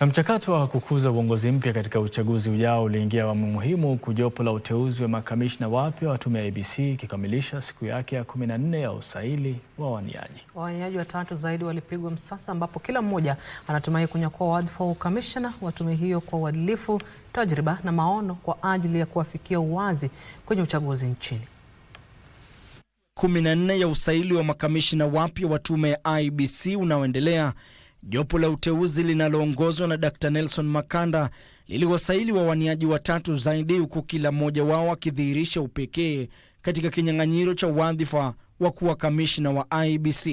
Na mchakato wa kukuza uongozi mpya katika uchaguzi ujao uliingia awamu muhimu huku jopo la uteuzi wa makamishna wapya wa tume ya IEBC ikikamilisha siku yake ya 14 ya usaili wa wawaniaji. Wawaniaji watatu zaidi walipigwa msasa, ambapo kila mmoja anatumai kunyakua wadhifa wa ukamishna wa tume hiyo kwa uadilifu, tajriba na maono kwa ajili ya kuwafikia uwazi kwenye uchaguzi nchini. 14 ya usaili wa makamishna wapya wa tume ya IEBC unaoendelea Jopo la uteuzi linaloongozwa na dr Nelson Makanda liliwasaili wawaniaji watatu zaidi, huku kila mmoja wao akidhihirisha upekee katika kinyang'anyiro cha wadhifa wa kuwa kamishna wa IBC.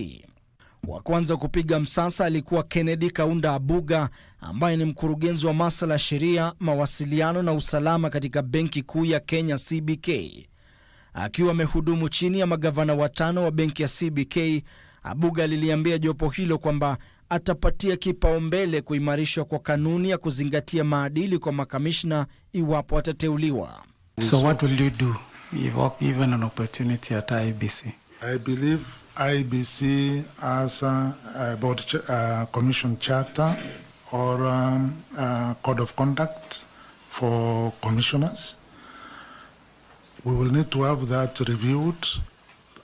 Wa kwanza kupiga msasa alikuwa Kennedy Kaunda Abuga ambaye ni mkurugenzi wa masuala ya sheria, mawasiliano na usalama katika Benki Kuu ya Kenya CBK. Akiwa amehudumu chini ya magavana watano wa benki ya CBK, Abuga aliliambia jopo hilo kwamba atapatia kipaumbele kuimarishwa kwa kanuni ya kuzingatia maadili kwa makamishna iwapo atateuliwa. So what will you do if given an opportunity at IBC? I believe IBC has a, a board ch commission charter or um, code of conduct for commissioners. We will need to have that reviewed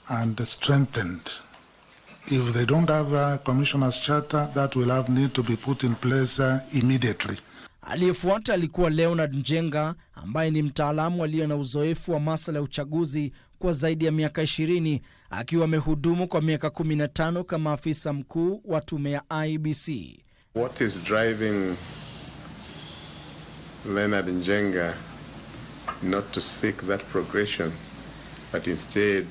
and strengthened. If they don't have a commissioner's charter, that will have need to be put in place uh, immediately. Aliyefuata alikuwa Leonard Njenga ambaye ni mtaalamu aliye na uzoefu wa masala ya uchaguzi kwa zaidi ya miaka 20 akiwa amehudumu kwa miaka 15 kama afisa mkuu wa tume ya IBC. What is driving Leonard Njenga not to seek that progression but instead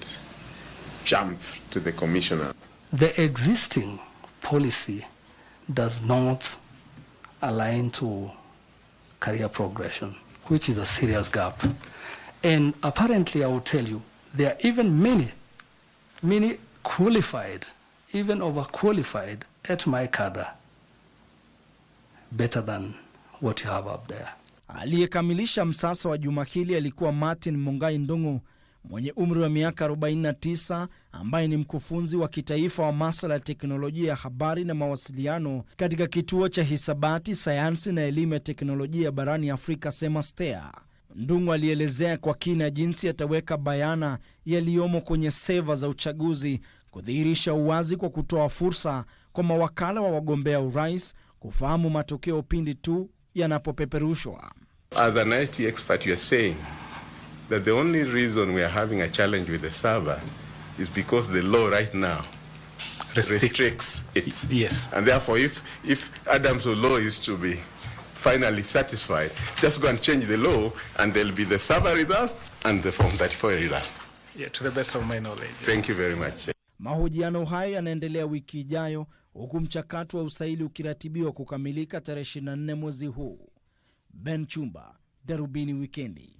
jump to the commissioner? The existing policy does not align to career progression, which is a serious gap. And apparently, I will tell you, there are even many, many qualified, even overqualified at my cadre, better than what you have up there. Aliyekamilisha msasa wa juma hili alikuwa Martin Mungai Ndung'u mwenye umri wa miaka 49 ambaye ni mkufunzi wa kitaifa wa masuala ya teknolojia ya habari na mawasiliano katika kituo cha hisabati, sayansi na elimu ya teknolojia barani Afrika, SEMASTEA. Ndungu alielezea kwa kina jinsi ataweka bayana yaliyomo kwenye seva za uchaguzi, kudhihirisha uwazi kwa kutoa fursa kwa mawakala wa wagombea urais kufahamu matokeo pindi tu yanapopeperushwa is because the law right now restricts, restricts it. Yes. And therefore, if, if Adam's law is to be finally satisfied, just go and change the law and there'll be the server results and the Form 34 results. Yeah, to the best of my knowledge. Thank you very much. Mahojiano hayo yanaendelea wiki ijayo huku mchakato wa usaili ukiratibiwa kukamilika tarehe 24 mwezi huu. Ben Chumba, Darubini Wikendi.